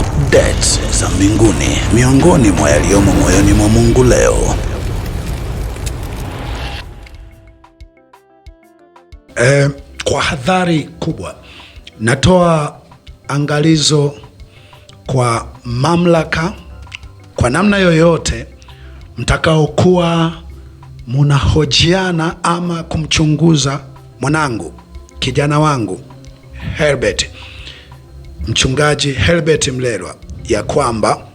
updates za mbinguni miongoni mwa yaliyomo moyoni mwa Mungu leo. Eh, kwa hadhari kubwa natoa angalizo kwa mamlaka, kwa namna yoyote mtakaokuwa munahojiana ama kumchunguza mwanangu kijana wangu Herbert Mchungaji Herbert Mlelwa ya kwamba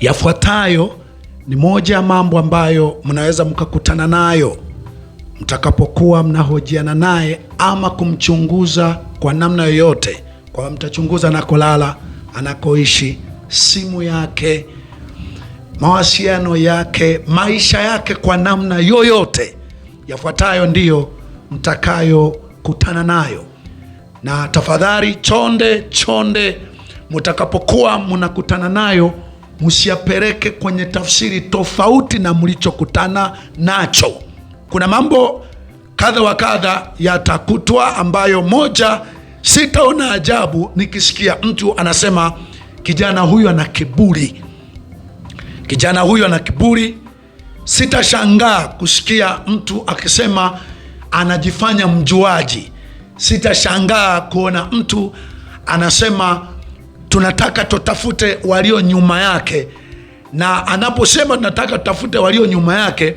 yafuatayo ni moja ya mambo ambayo mnaweza mkakutana nayo mtakapokuwa mnahojiana naye ama kumchunguza kwa namna yoyote, kwa mtachunguza anakolala, anakoishi, simu yake, mawasiliano yake, maisha yake kwa namna yoyote. Yafuatayo ndiyo mtakayokutana nayo na tafadhali, chonde chonde mutakapokuwa mnakutana nayo msiapeleke kwenye tafsiri tofauti na mlichokutana nacho. Kuna mambo kadha wa kadha yatakutwa, ambayo moja, sitaona ajabu nikisikia mtu anasema kijana huyu ana kiburi, kijana huyu ana kiburi. Sitashangaa kusikia mtu akisema anajifanya mjuaji sitashangaa kuona mtu anasema tunataka tutafute walio nyuma yake, na anaposema tunataka tutafute walio nyuma yake,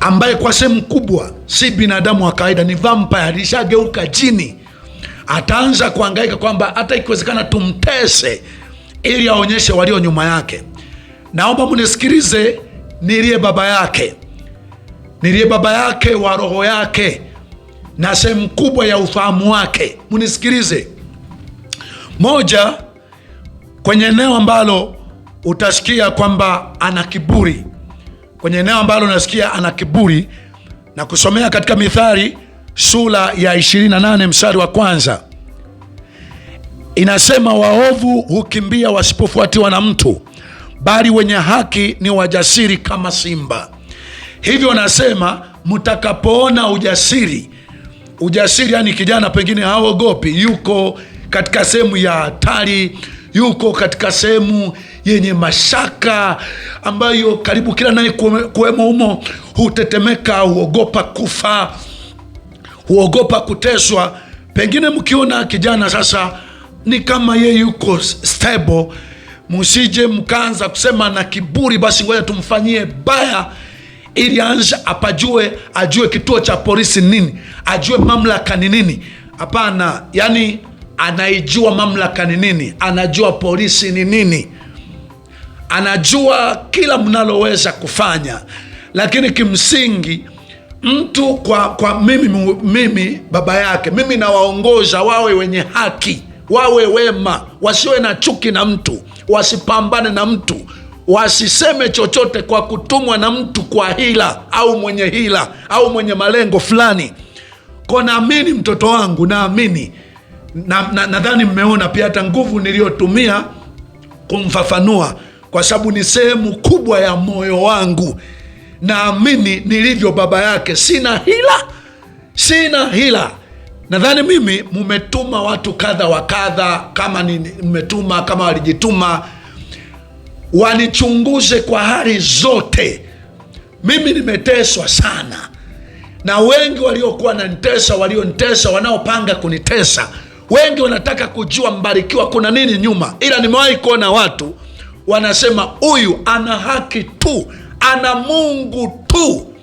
ambaye kwa sehemu kubwa si binadamu wa kawaida, ni vampire, alishageuka jini, ataanza kuangaika kwamba hata ikiwezekana tumtese ili aonyeshe walio nyuma yake. Naomba munisikilize, niliye baba yake, niliye baba yake wa roho yake na sehemu kubwa ya ufahamu wake. Munisikilize, moja kwenye eneo ambalo utasikia kwamba ana kiburi, kwenye eneo ambalo unasikia ana kiburi, na kusomea katika Mithali sura ya 28 mstari wa kwanza inasema, waovu hukimbia wasipofuatiwa na mtu, bali wenye haki ni wajasiri kama simba. Hivyo nasema mtakapoona ujasiri Ujasiri yani kijana pengine haogopi, yuko katika sehemu ya hatari, yuko katika sehemu yenye mashaka ambayo karibu kila naye kuwemo humo hutetemeka, huogopa kufa, huogopa kuteswa. Pengine mkiona kijana sasa ni kama ye yuko stable, musije mkaanza kusema na kiburi, basi ngoja tumfanyie baya ili anja apajue, ajue kituo cha polisi nini, ajue mamlaka ni nini. Hapana, yani anaijua mamlaka ni nini, anajua polisi ni nini, anajua kila mnaloweza kufanya. Lakini kimsingi mtu kwa, kwa mimi, mimi baba yake mimi nawaongoza wawe wenye haki, wawe wema, wasiwe na chuki na mtu, wasipambane na mtu wasiseme chochote kwa kutumwa na mtu kwa hila au mwenye hila au mwenye malengo fulani. Ko, naamini mtoto wangu, naamini nadhani na, na mmeona pia hata nguvu niliyotumia kumfafanua, kwa sababu ni sehemu kubwa ya moyo wangu. Naamini nilivyo baba yake, sina hila, sina hila. Nadhani mimi mmetuma watu kadha wa kadha, kama mmetuma kama walijituma wanichunguze kwa hali zote. Mimi nimeteswa sana, na wengi waliokuwa wananitesa, walionitesa, wanaopanga kunitesa, wengi wanataka kujua Mbarikiwa kuna nini nyuma, ila nimewahi kuona watu wanasema huyu ana haki tu, ana Mungu tu.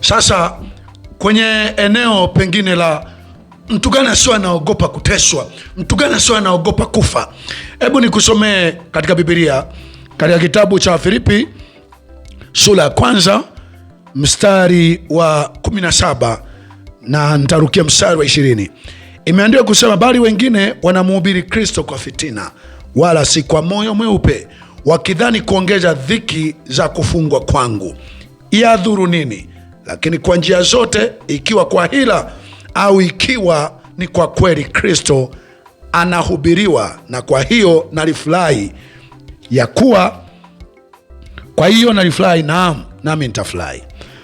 Sasa kwenye eneo pengine la Mtu gani asio anaogopa kuteswa? Mtu gani asio anaogopa kufa? Hebu nikusomee katika Bibilia, katika kitabu cha Filipi sura ya kwanza mstari wa 17 na nitarukia mstari wa ishirini. Imeandikwa kusema, bali wengine wanamuhubiri Kristo kwa fitina, wala si kwa moyo mweupe, wakidhani kuongeza dhiki za kufungwa kwangu. Yadhuru nini? Lakini kwa njia zote, ikiwa kwa hila au ikiwa ni kwa kweli Kristo anahubiriwa. Na kwa hiyo nalifurahi ya kuwa, kwa hiyo nalifurahi, naam, nami nitafurahi,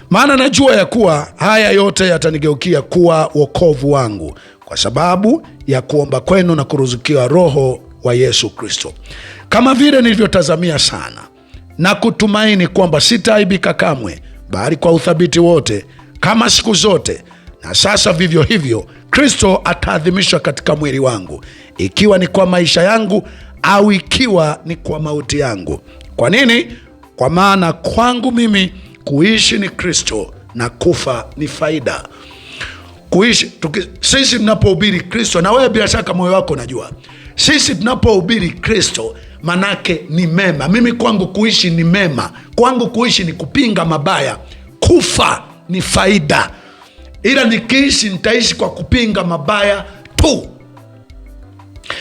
maana najua ya kuwa haya yote yatanigeukia kuwa wokovu wangu, kwa sababu ya kuomba kwenu na kuruzukiwa Roho wa Yesu Kristo, kama vile nilivyotazamia sana na kutumaini kwamba sitaaibika kamwe, bali kwa uthabiti wote, kama siku zote na sasa vivyo hivyo Kristo ataadhimishwa katika mwili wangu, ikiwa ni kwa maisha yangu au ikiwa ni kwa mauti yangu. Kwa nini? Kwa maana kwangu mimi kuishi ni Kristo na kufa ni faida. Kuishi tuki, sisi tunapohubiri Kristo, na wewe bila shaka moyo wako unajua, sisi tunapohubiri Kristo manake ni mema. Mimi kwangu kuishi ni mema, kwangu kuishi ni kupinga mabaya, kufa ni faida ila nikiishi nitaishi kwa kupinga mabaya tu.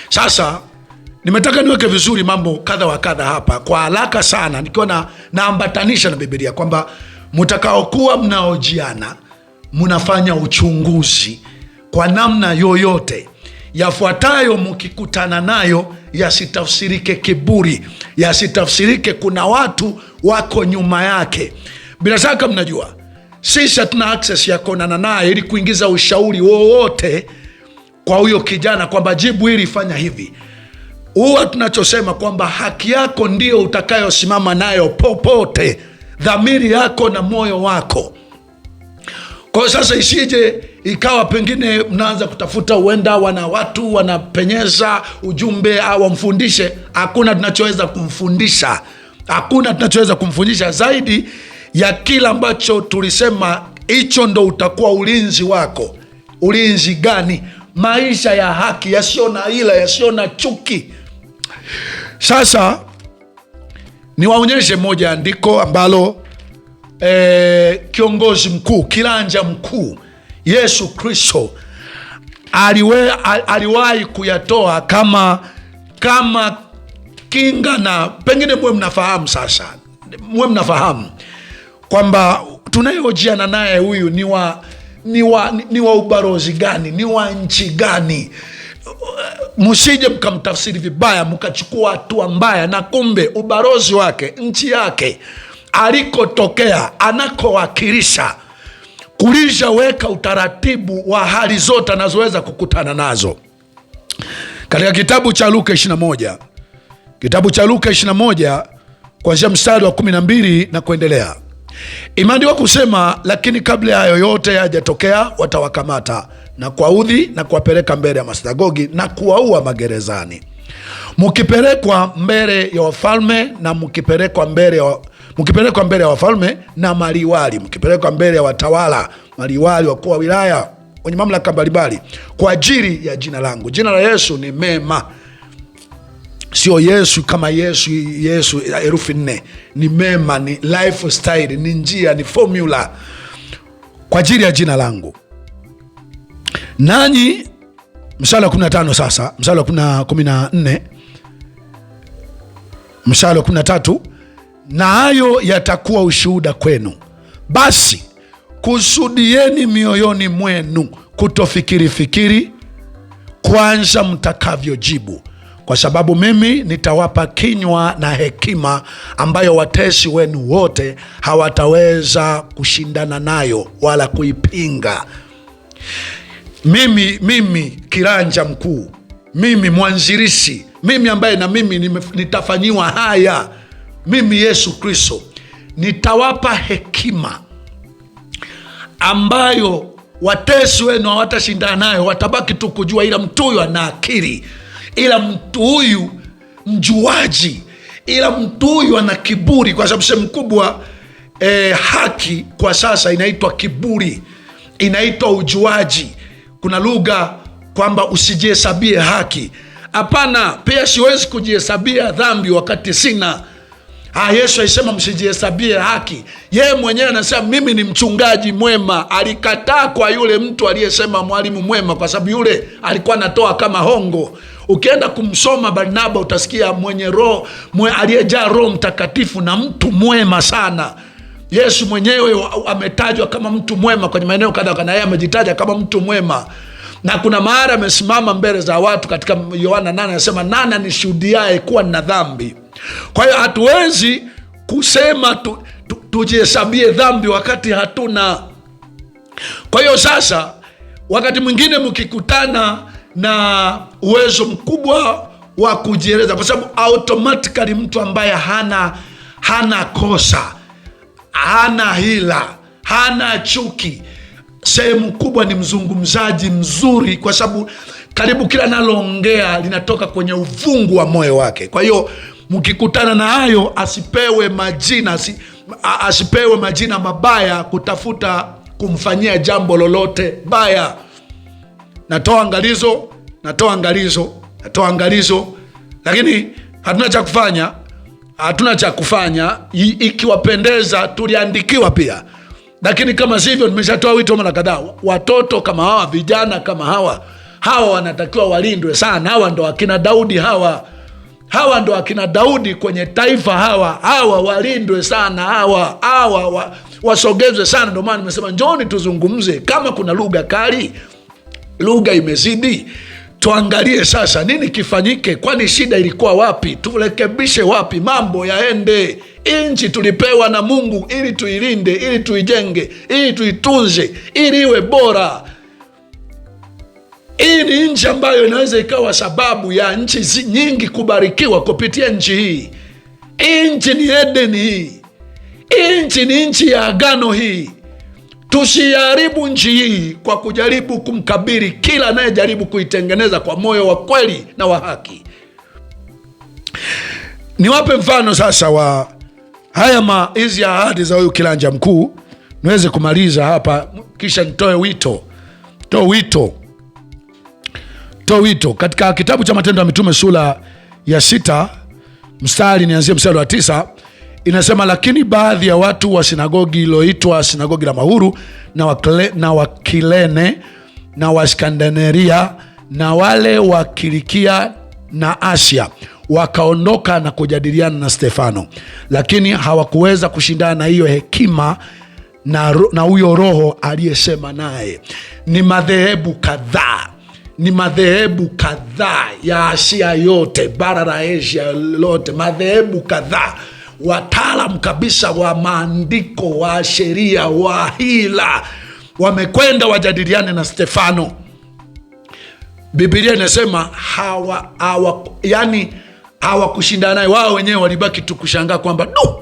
Sasa nimetaka niweke vizuri mambo kadha wa kadha hapa kwa haraka sana, nikiwa na naambatanisha na Biblia kwamba mtakaokuwa mnaojiana mnafanya uchunguzi kwa namna yoyote, yafuatayo mkikutana nayo yasitafsirike kiburi, yasitafsirike kuna watu wako nyuma yake. Bila shaka mnajua sisi hatuna access ya kuonana naye ili kuingiza ushauri wowote kwa huyo kijana kwamba jibu hili, fanya hivi. Huwa tunachosema kwamba haki yako ndiyo utakayosimama nayo popote, dhamiri yako na moyo wako. Kwa sasa isije ikawa pengine mnaanza kutafuta, huenda wana watu wanapenyeza ujumbe au wamfundishe. Hakuna tunachoweza kumfundisha, hakuna tunachoweza kumfundisha zaidi ya kila ambacho tulisema, hicho ndo utakuwa ulinzi wako. Ulinzi gani? Maisha ya haki yasiyo na ila, yasiyo na chuki. Sasa niwaonyeshe moja andiko ambalo e, kiongozi mkuu kiranja mkuu Yesu Kristo aliwahi kuyatoa kama kama kinga na pengine muwe mnafahamu sasa, muwe mnafahamu kwamba tunayeojiana naye huyu ni wa ni wa, ni, wa ubarozi gani? Ni wa nchi gani? msije mkamtafsiri vibaya mkachukua hatua mbaya, na kumbe ubarozi wake, nchi yake, alikotokea, anakowakilisha kulishaweka utaratibu wa hali zote anazoweza kukutana nazo. Katika kitabu cha Luka 21, kitabu cha Luka 21 kuanzia mstari wa 12 na kuendelea. Imeandikwa kusema, lakini kabla ya yoyote yajatokea, watawakamata na kuwaudhi na kuwapeleka mbele ya masinagogi na kuwaua magerezani, mkipelekwa mbele ya wafalme na mkipelekwa mbele ya mkipelekwa mbele ya wafalme na maliwali, mkipelekwa mbele ya watawala, maliwali, wakuu wa wilaya, wenye mamlaka mbalimbali, kwa ajili ya jina langu. Jina la Yesu ni mema sio Yesu kama Yesu. Yesu herufi nne ni mema, ni lifestyle, ni njia, ni formula kwa ajili ya jina langu. Nanyi mshale wa 15 sasa, mshale wa 14 mshale wa 13, na hayo yatakuwa ushuhuda kwenu. Basi kusudieni mioyoni mwenu kutofikirifikiri kwanza mtakavyojibu kwa sababu mimi nitawapa kinywa na hekima ambayo watesi wenu wote hawataweza kushindana nayo wala kuipinga. Mimi, mimi kiranja mkuu, mimi mwanzilishi, mimi ambaye na mimi nitafanyiwa haya, mimi Yesu Kristo nitawapa hekima ambayo watesi wenu hawatashindana nayo, watabaki tu kujua, ila mtu huyo ana akili ila mtu huyu mjuaji, ila mtu huyu ana kiburi, kwa sababu sehemu kubwa e, haki kwa sasa inaitwa kiburi, inaitwa ujuaji. Kuna lugha kwamba usijihesabie haki. Hapana, pia siwezi kujihesabia dhambi wakati sina Ha, ah, Yesu alisema msijihesabie haki. Yeye mwenyewe anasema mimi ni mchungaji mwema. Alikataa kwa yule mtu aliyesema mwalimu mwema, kwa sababu yule alikuwa anatoa kama hongo. Ukienda kumsoma Barnaba utasikia mwenye roho mwe, aliyejaa Roho Mtakatifu na mtu mwema sana. Yesu mwenyewe ametajwa kama mtu mwema kwenye maeneo kadha kadha, yeye amejitaja kama mtu mwema na kuna mahali amesimama mbele za watu katika Yohana nane anasema nani anishuhudiaye kuwa nina dhambi? Kwa hiyo hatuwezi kusema tu, tu, tujihesabie dhambi wakati hatuna. Kwa hiyo sasa, wakati mwingine mkikutana na uwezo mkubwa wa kujieleza, kwa sababu automatically mtu ambaye hana hana kosa, hana hila, hana chuki, sehemu kubwa ni mzungumzaji mzuri, kwa sababu karibu kila naloongea linatoka kwenye uvungu wa moyo wake. Kwa hiyo mkikutana na hayo, asipewe majina, asipewe majina mabaya kutafuta kumfanyia jambo lolote baya natoa angalizo, natoa angalizo, natoa angalizo, lakini hatuna cha kufanya, hatuna cha kufanya. Ikiwapendeza tuliandikiwa pia, lakini kama sivyo, nimeshatoa wito mara kadhaa. Watoto kama hawa, vijana kama hawa, hawa wanatakiwa walindwe sana. Hawa ndo akina Daudi hawa hawa ndo akina Daudi kwenye taifa hawa hawa walindwe sana hawa hawa wa, wasogezwe sana. Ndio maana nimesema njoni tuzungumze, kama kuna lugha kali lugha imezidi. Tuangalie sasa nini kifanyike, kwani shida ilikuwa wapi? Turekebishe wapi mambo yaende. Nchi tulipewa na Mungu ili tuilinde, ili tuijenge, ili tuitunze, ili iwe bora. Hii ni nchi ambayo inaweza ikawa sababu ya nchi nyingi kubarikiwa kupitia nchi hii. Hii nchi ni Edeni, hii nchi ni nchi ya agano hii Tusiharibu nchi hii kwa kujaribu kumkabili kila anayejaribu kuitengeneza kwa moyo wa kweli na wa haki. Niwape mfano sasa wa haya hizi ahadi za huyu kiranja mkuu, niweze kumaliza hapa, kisha nitoe wito to wito to wito. Katika kitabu cha Matendo ya Mitume sura ya sita mstari nianzie mstari wa tisa Inasema, lakini baadhi ya watu wa sinagogi iliyoitwa sinagogi la mahuru na wakile, na wakilene na waskandaneria na wale wa Kilikia na Asia wakaondoka na kujadiliana na Stefano, lakini hawakuweza kushindana na hiyo hekima na huyo roho aliyesema naye. Ni madhehebu kadhaa ni madhehebu kadhaa ya Asia yote, bara la Asia lote, madhehebu kadhaa wataalam kabisa wa maandiko, wa sheria, wa hila, wamekwenda wajadiliane na Stefano. Bibilia inasema hawa, hawa, yani hawakushindana naye, wao wenyewe walibaki tu kushangaa kwamba du,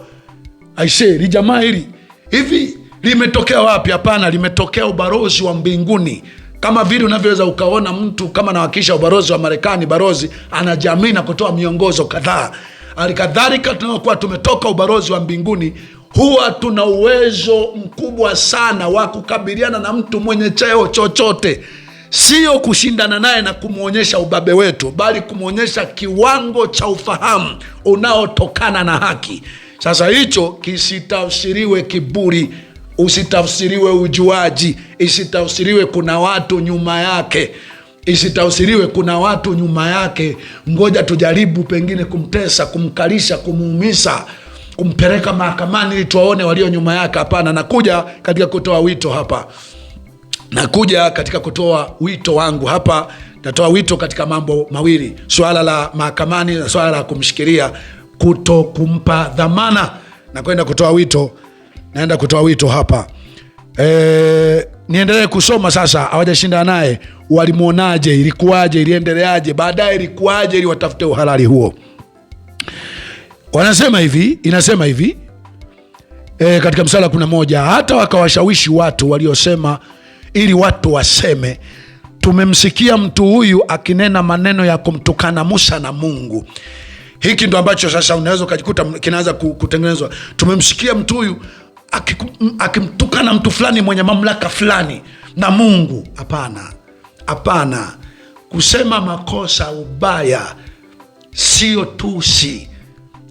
aisee, li jamaa hili hivi limetokea wapi? Hapana, limetokea ubarozi wa mbinguni kama vile unavyoweza ukaona mtu kama nawakilisha ubarozi wa Marekani, barozi ana jamii na kutoa miongozo kadhaa. Halikadhalika, tunaokuwa tumetoka ubalozi wa mbinguni, huwa tuna uwezo mkubwa sana wa kukabiliana na mtu mwenye cheo chochote, sio kushindana naye na kumwonyesha ubabe wetu, bali kumwonyesha kiwango cha ufahamu unaotokana na haki. Sasa hicho kisitafsiriwe kiburi, usitafsiriwe ujuaji, isitafsiriwe kuna watu nyuma yake isitafsiriwe kuna watu nyuma yake, ngoja tujaribu pengine kumtesa, kumkalisha, kumuumisa, kumpeleka mahakamani ili tuwaone walio nyuma yake. Hapana, nakuja katika kutoa wito hapa, nakuja katika kutoa wito wangu hapa, natoa wito katika mambo mawili, swala la mahakamani na swala la kumshikilia, kuto kumpa dhamana. Nakwenda kutoa wito, naenda kutoa wito hapa. E, niendelee kusoma sasa, hawajashindana naye walimwonaje, ilikuwaje, iliendeleaje, baadaye ilikuwaje, ili watafute uhalali huo. Wanasema hivi, inasema hivi e, katika msala kumi na moja hata wakawashawishi watu waliosema, ili watu waseme tumemsikia mtu huyu akinena maneno ya kumtukana Musa na Mungu. Hiki ndo ambacho sasa unaweza ukajikuta kinaanza kutengenezwa. Tumemsikia mtu huyu akimtukana mtu fulani mwenye mamlaka fulani na Mungu. Hapana, Hapana, kusema makosa, ubaya sio tusi,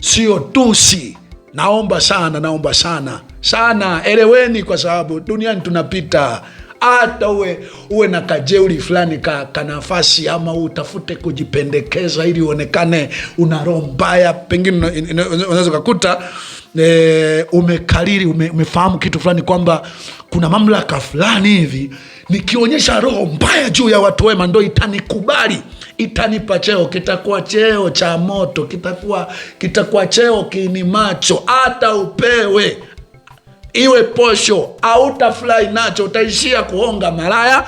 sio tusi. Naomba sana, naomba sana sana, eleweni, kwa sababu duniani tunapita. Hata uwe uwe na kajeuri fulani ka, ka nafasi ama utafute kujipendekeza ili uonekane una roho mbaya, pengine unaweza ukakuta e, umekariri ume, umefahamu kitu fulani kwamba kuna mamlaka fulani hivi nikionyesha roho mbaya juu ya watu wema, ndo itanikubali itanipa cheo. Kitakuwa cheo cha moto, kitakuwa kitakuwa cheo kini macho, hata upewe iwe posho, hautafurahi nacho. Utaishia kuonga malaya,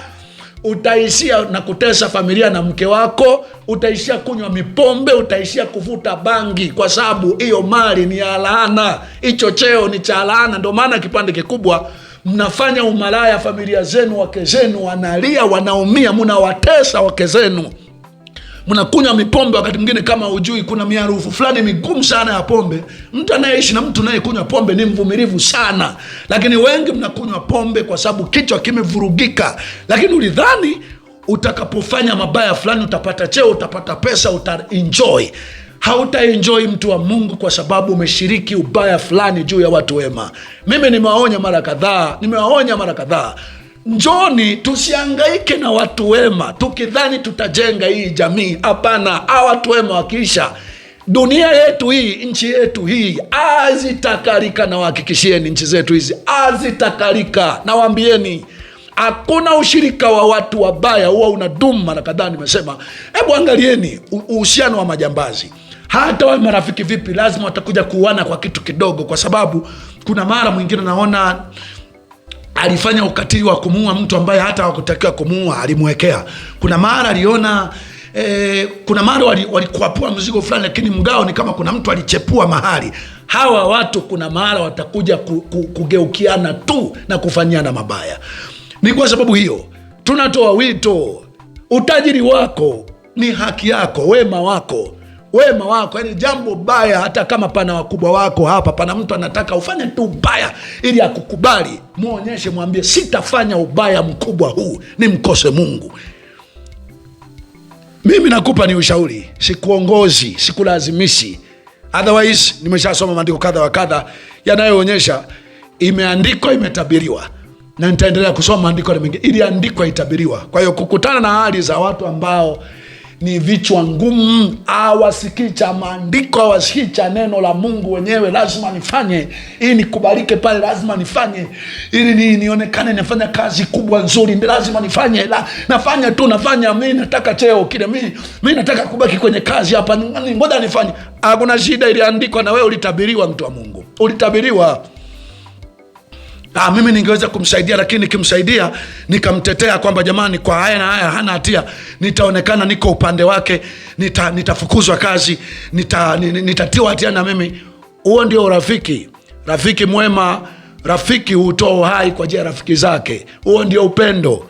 utaishia na kutesa familia na mke wako, utaishia kunywa mipombe, utaishia kuvuta bangi, kwa sababu hiyo mali ni ya laana, hicho cheo ni cha laana. Ndo maana kipande kikubwa mnafanya umalaya, familia zenu, wake zenu wanalia, wanaumia, mnawatesa wake zenu, mnakunywa mipombe. Wakati mwingine kama ujui kuna miharufu fulani migumu sana ya pombe. Mtu anayeishi na mtu anayekunywa pombe ni mvumilivu sana, lakini wengi mnakunywa pombe kwa sababu kichwa kimevurugika, lakini ulidhani utakapofanya mabaya fulani utapata cheo, utapata pesa, utaenjoy hautaenjoi mtu wa Mungu kwa sababu umeshiriki ubaya fulani juu ya watu wema. Mimi nimewaonya mara kadhaa, nimewaonya mara kadhaa. Njoni tusiangaike na watu wema tukidhani tutajenga hii jamii. Hapana, hawa watu wema wakiisha dunia yetu hii, nchi yetu hii azitakarika. Nawahakikishieni, nchi zetu hizi azitakarika. Nawaambieni, hakuna ushirika wa watu wabaya huwa unadumu. Mara kadhaa nimesema, hebu angalieni uhusiano wa majambazi hata wawe marafiki vipi, lazima watakuja kuuana kwa kitu kidogo, kwa sababu kuna mara mwingine naona alifanya ukatili wa kumuua mtu ambaye hata hakutakiwa kumuua, alimwekea. Kuna mara aliona E, kuna mara walikuapua wali mzigo fulani, lakini mgao ni kama kuna mtu alichepua mahali. Hawa watu kuna mara watakuja ku, ku, kugeukiana tu na kufanyiana mabaya. Ni kwa sababu hiyo tunatoa wito, utajiri wako ni haki yako, wema wako wema wako, yani jambo baya. Hata kama pana wakubwa wako hapa, pana mtu anataka ufanye tu ubaya ili akukubali, mwonyeshe, mwambie sitafanya ubaya mkubwa huu ni mkose Mungu. Mimi nakupa ni ushauri, sikuongozi, sikulazimishi. Otherwise nimeshasoma maandiko kadha wa kadha yanayoonyesha imeandikwa, imetabiriwa na nitaendelea kusoma maandiko mengine, iliandikwa, itabiriwa. Kwa hiyo kukutana na hali za watu ambao ni vichwa ngumu, hawasikii cha maandiko, hawasikii cha neno la Mungu wenyewe. Lazima nifanye ili nikubalike pale, lazima nifanye ili ni, nionekane nafanya kazi kubwa nzuri, lazima nifanye la, nafanya tu nafanya, mi nataka cheo kile, mi, mi nataka kubaki kwenye kazi hapa, ngoja nifanye. Hakuna shida, iliandikwa na wewe ulitabiriwa, mtu wa Mungu ulitabiriwa. Ah, mimi ningeweza kumsaidia lakini nikimsaidia nikamtetea kwamba jamani, kwa haya na haya hana hatia, nitaonekana niko upande wake, nita, nitafukuzwa kazi, nita, nitatiwa hatia na mimi. Huo ndio urafiki. Rafiki mwema, rafiki hutoa uhai kwa ajili ya rafiki zake. Huo ndio upendo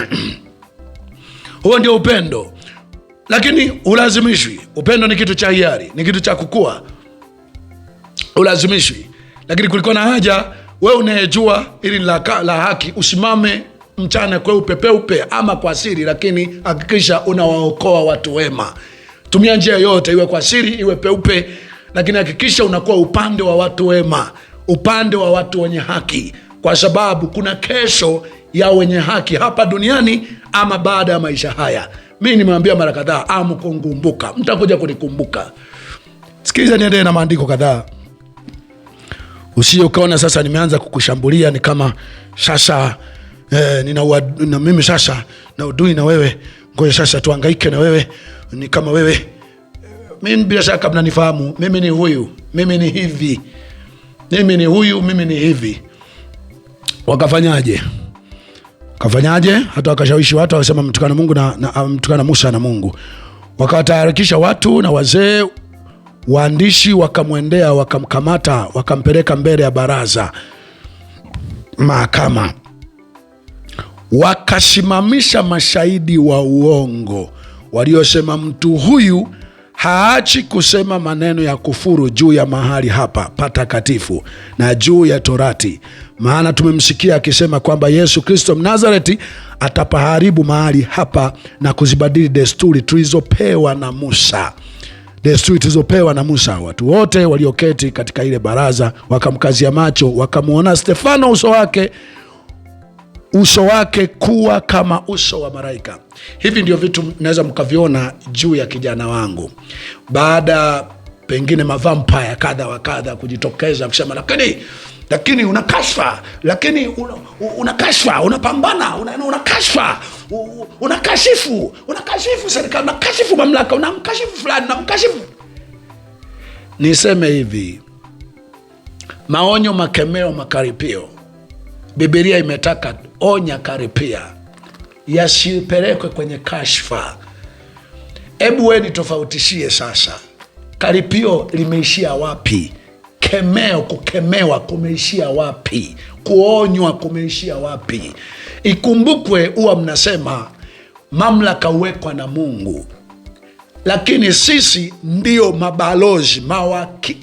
huo ndio upendo, lakini ulazimishwi. Upendo ni kitu cha hiari, ni kitu cha kukua, ulazimishwi lakini kulikuwa na haja we unayejua ili la, la haki usimame mchana kweupe peupe, ama kwa siri, lakini hakikisha unawaokoa watu wema. Tumia njia yoyote, iwe kwa siri, iwe peupe, lakini hakikisha unakuwa upande wa watu wema, upande wa watu wenye haki, kwa sababu kuna kesho ya wenye haki hapa duniani ama baada ya maisha haya. Mi nimewambia mara kadhaa, amkungumbuka, mtakuja kunikumbuka. Sikiliza, niendelee na maandiko kadhaa usije ukaona sasa nimeanza kukushambulia ni kama sasa eh, nina na mimi sasa na udui na wewe, ngoja sasa tuangaike na wewe, ni kama wewe eh, mimi. Bila shaka mnanifahamu mimi, ni huyu mimi, ni hivi mimi, ni huyu mimi, ni hivi. Wakafanyaje? Wakafanyaje? hata wakashawishi watu, wakasema mtukana Mungu na, na mtukana Musa na Mungu, wakawatayarikisha watu na wazee waandishi wakamwendea, wakamkamata, wakampeleka mbele ya baraza mahakama, wakasimamisha mashahidi wa uongo waliosema mtu huyu haachi kusema maneno ya kufuru juu ya mahali hapa patakatifu na juu ya Torati, maana tumemsikia akisema kwamba Yesu Kristo Mnazareti atapaharibu mahali hapa na kuzibadili desturi tulizopewa na Musa desturi tulizopewa na Musa. Watu wote walioketi katika ile baraza wakamkazia macho, wakamwona Stefano uso wake uso wake kuwa kama uso wa malaika. Hivi ndio vitu naweza mkaviona juu ya kijana wangu, baada pengine mavampaya kadha wa kadha kujitokeza kusema, lakini lakini una kashfa, lakini una, kashfa, unapambana, una, una unakashifu, unakashifu serikali, unakashifu mamlaka, unamkashifu fulani, namkashifu. Niseme hivi, maonyo, makemeo, makaripio, Bibilia imetaka onya, karipia, yasipelekwe kwenye kashfa. Hebu we nitofautishie sasa, karipio limeishia wapi? Kemeo, kukemewa kumeishia wapi? Kuonywa kumeishia wapi? Ikumbukwe huwa mnasema mamlaka huwekwa na Mungu, lakini sisi ndio mabalozi mawaki,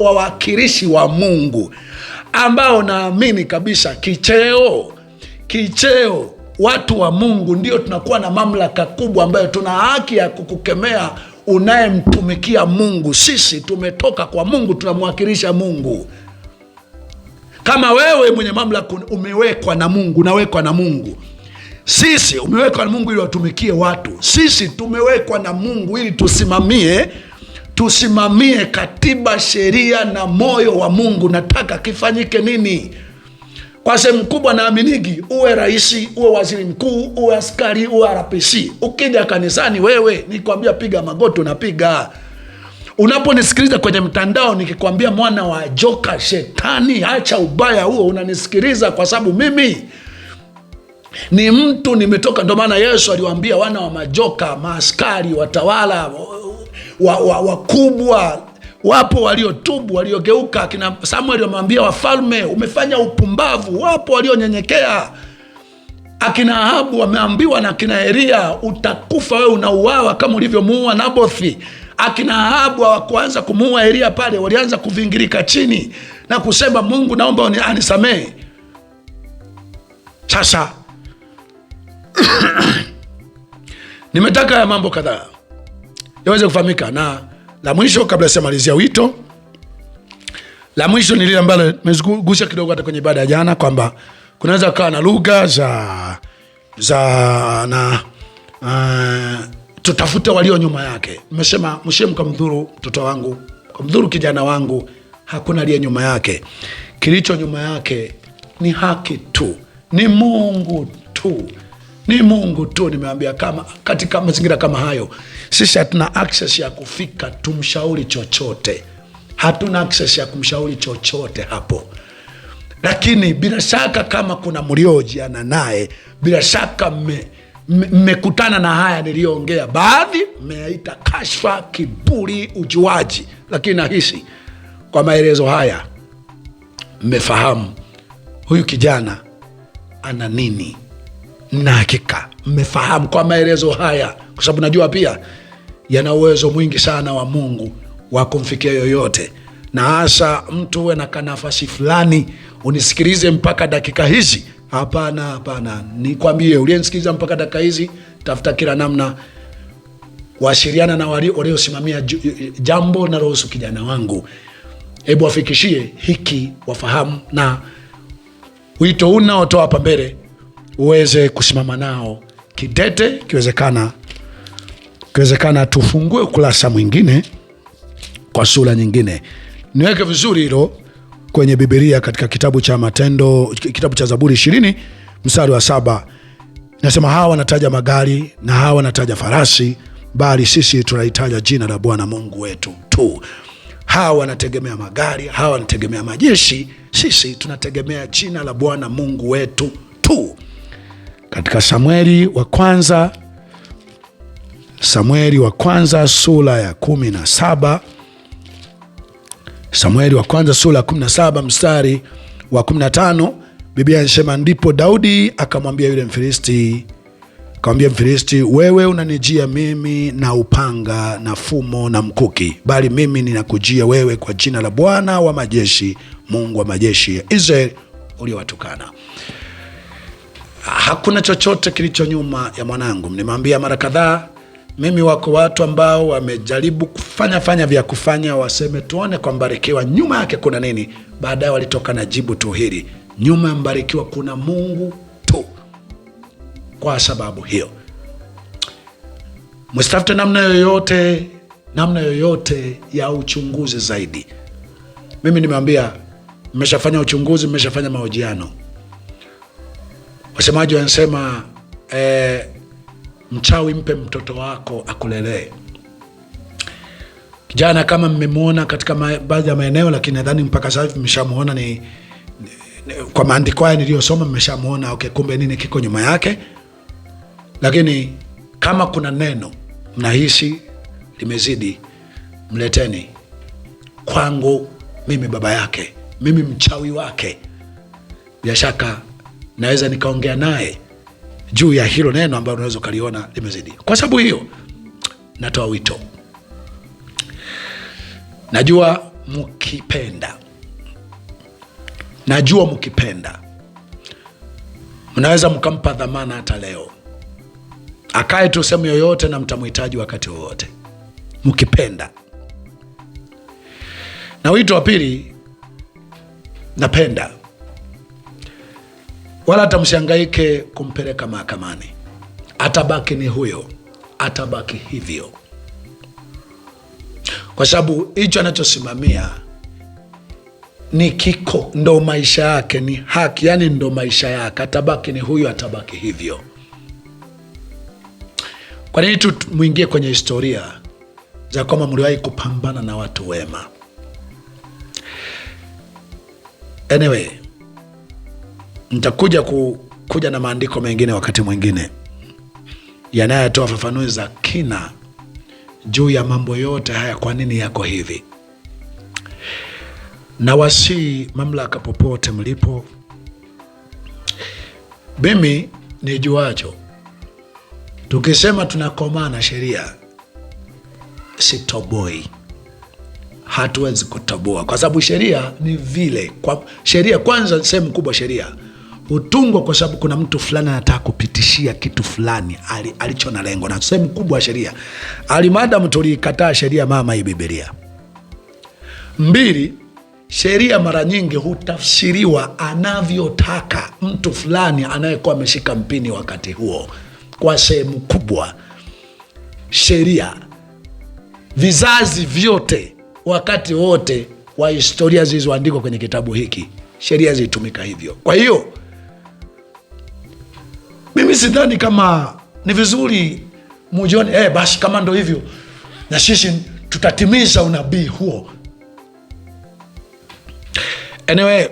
wawakilishi wa Mungu ambao naamini kabisa kicheo kicheo watu wa Mungu ndio tunakuwa na mamlaka kubwa ambayo tuna haki ya kukukemea unayemtumikia Mungu. Sisi tumetoka kwa Mungu, tunamwakilisha Mungu. Kama wewe mwenye mamlaka umewekwa na Mungu, unawekwa na Mungu. Sisi umewekwa na Mungu ili watumikie watu. Sisi tumewekwa na Mungu ili tusimamie tusimamie katiba, sheria na moyo wa Mungu. Nataka kifanyike nini? Kwa sehemu kubwa naaminigi, uwe rais, uwe waziri mkuu, uwe askari, uwe RPC, ukija kanisani wewe, nikwambia piga magoti, unapiga Unaponisikiliza kwenye mtandao nikikwambia mwana wa joka, shetani, acha ubaya huo, unanisikiliza kwa sababu mimi ni mtu nimetoka. Ndo maana Yesu aliwaambia wana wa majoka, maaskari, watawala wakubwa wa, wa wapo waliotubu waliogeuka. Kina Samueli wamewambia wafalme, umefanya upumbavu. Wapo walionyenyekea. Akina Ahabu wameambiwa na akina Eria, utakufa wewe, unauawa kama ulivyomuua Nabothi akina Ahabu hawakuanza kumuua Elia pale, walianza kuvingirika chini na kusema Mungu, naomba anisamehe. Sasa nimetaka ya mambo kadhaa yaweze kufahamika, na la mwisho kabla sijamalizia wito, la mwisho ni lile ambalo nimezungusha kidogo hata kwenye ibada ya jana kwamba kunaweza kukawa na lugha za za na uh, tutafute walio nyuma yake. Mmesema mshie mkamdhuru mtoto wangu, mkamdhuru kijana wangu, hakuna aliye nyuma yake. Kilicho nyuma yake ni haki tu, ni Mungu tu, ni Mungu tu. Nimeambia kama katika mazingira kama hayo, sisi hatuna access ya kufika tumshauri chochote, hatuna access ya kumshauri chochote hapo lakini bila shaka kama kuna mliojiana naye, bila shaka mme mmekutana na haya niliyoongea. Baadhi mmeyaita kashfa, kiburi, ujuaji, lakini nahisi kwa maelezo haya mmefahamu huyu kijana ana nini, na hakika mmefahamu kwa maelezo haya, kwa sababu najua pia yana uwezo mwingi sana wa Mungu wa kumfikia yoyote, na hasa mtu uwe na kanafasi fulani unisikilize mpaka dakika hizi Hapana, hapana, nikwambie, uliyenisikiza mpaka dakika hizi, tafuta kila namna washiriana na waliosimamia eh, eh, jambo linalohusu kijana wangu, hebu wafikishie hiki, wafahamu na wito huu naotoa hapa mbele, uweze kusimama nao kidete, kiwezekana, kiwezekana tufungue ukurasa mwingine kwa sura nyingine. Niweke vizuri hilo kwenye bibilia katika kitabu cha Matendo, kitabu cha Zaburi ishirini mstari wa saba nasema hawa wanataja magari na hawa wanataja farasi, bali sisi tunaitaja jina la Bwana Mungu wetu tu. Hawa wanategemea magari, hawa wanategemea majeshi, sisi tunategemea jina la Bwana Mungu wetu tu. Katika samweli wa kwanza, Samweli wa kwanza sura ya kumi na saba Samueli wa kwanza sura ya 17 mstari wa 15, Biblia inasema ndipo Daudi akamwambia yule Mfilisti, akamwambia Mfilisti, wewe unanijia mimi na upanga na fumo na mkuki, bali mimi ninakujia wewe kwa jina la Bwana wa majeshi, Mungu wa majeshi ya Israeli uliowatukana. Hakuna chochote kilicho nyuma ya mwanangu, nimemwambia mara kadhaa mimi wako watu ambao wamejaribu kufanya fanya vya kufanya, waseme tuone kwa Mbarikiwa nyuma yake kuna nini. Baadaye walitoka na jibu tu hili, nyuma ya Mbarikiwa kuna Mungu tu. Kwa sababu hiyo, msitafute namna yoyote, namna yoyote ya uchunguzi zaidi. Mimi nimeambia, mmeshafanya uchunguzi, mmeshafanya mahojiano. Wasemaji wanasema eh, Mchawi mpe mtoto wako akulelee. Kijana kama mmemwona katika baadhi ya maeneo, lakini nadhani mpaka sasa hivi mmeshamwona ni, ni, ni kwa maandiko haya niliyosoma mmeshamwona. Okay, kumbe nini kiko nyuma yake. Lakini kama kuna neno mnahisi limezidi, mleteni kwangu, mimi baba yake, mimi mchawi wake, bila shaka naweza nikaongea naye juu ya hilo neno ambalo unaweza ukaliona limezidi. Kwa sababu hiyo, natoa wito, najua mkipenda, najua mkipenda, mnaweza mkampa dhamana hata leo akae tu sehemu yoyote na mtamhitaji wakati wowote mkipenda. Na wito wa pili, napenda wala atamshangaike kumpeleka mahakamani. Atabaki ni huyo, atabaki hivyo, kwa sababu hicho anachosimamia ni kiko, ndo maisha yake, ni haki, yani ndo maisha yake. Atabaki ni huyo, atabaki hivyo. Kwa nini tu mwingie kwenye historia za kwamba mliwahi kupambana na watu wema? Anyway, nitakuja ku, kuja na maandiko mengine wakati mwingine yanayotoa fafanuzi za kina juu ya mambo yote haya, kwa nini yako hivi. Na wasii mamlaka popote mlipo, mimi ni juacho tukisema tunakomaa na sheria, sitoboi hatuwezi kutoboa, kwa sababu sheria ni vile kwa sheria. Kwanza sehemu kubwa sheria Utungwa kwa sababu kuna mtu fulani anataka kupitishia kitu fulani alicho na lengo, na sehemu kubwa ya sheria alimadam tuliikataa sheria mama hii bibilia Mbili, sheria mara nyingi hutafsiriwa anavyotaka mtu fulani anayekuwa ameshika mpini wakati huo. Kwa sehemu kubwa sheria, vizazi vyote, wakati wote wa historia zilizoandikwa kwenye kitabu hiki, sheria zilitumika hivyo. Kwa hiyo mimi sidhani kama ni vizuri mujione eh, basi kama ndo hivyo na sisi tutatimiza unabii huo. Anyway,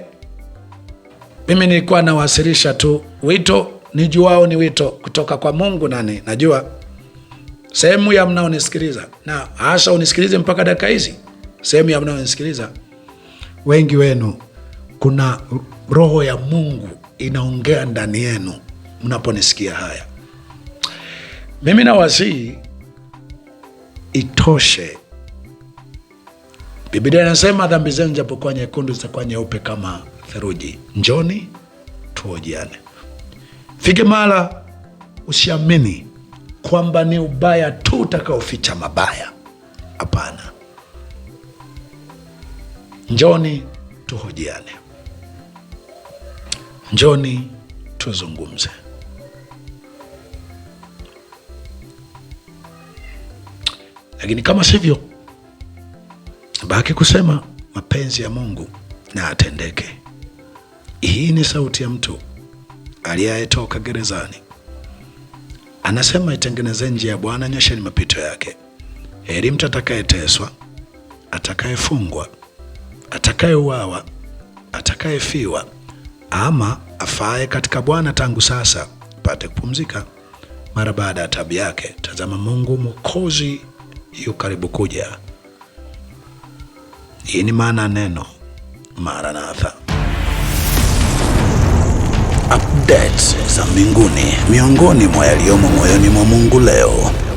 mimi nilikuwa nawasilisha tu wito nijuao, ni wito kutoka kwa Mungu, nani najua sehemu ya mnaonisikiliza na hasa unisikilize mpaka dakika hizi, sehemu ya mnaonisikiliza wengi wenu, kuna roho ya Mungu inaongea ndani yenu mnaponisikia haya. Mimi nawasihi, itoshe. Biblia inasema dhambi zenu japokuwa nyekundu zitakuwa nyeupe kama theruji. Njoni tuojiane. Fike mahala usiamini kwamba ni ubaya tu utakaoficha mabaya. Hapana, njoni tuhojiane, njoni tuzungumze. lakini kama sivyo, baki kusema mapenzi ya Mungu na atendeke. Hii ni sauti ya mtu aliyetoka gerezani, anasema itengeneze njia ya Bwana, nyosheni mapito yake. Heri mtu atakayeteswa, atakayefungwa, atakayeuawa, atakayefiwa ama afaye katika Bwana, tangu sasa pate kupumzika mara baada ya tabu yake. Tazama, Mungu Mwokozi yu karibu kuja. Hii ni maana neno Maranatha. Updates za mbinguni, miongoni mwa yaliyomo moyoni mwa Mungu leo.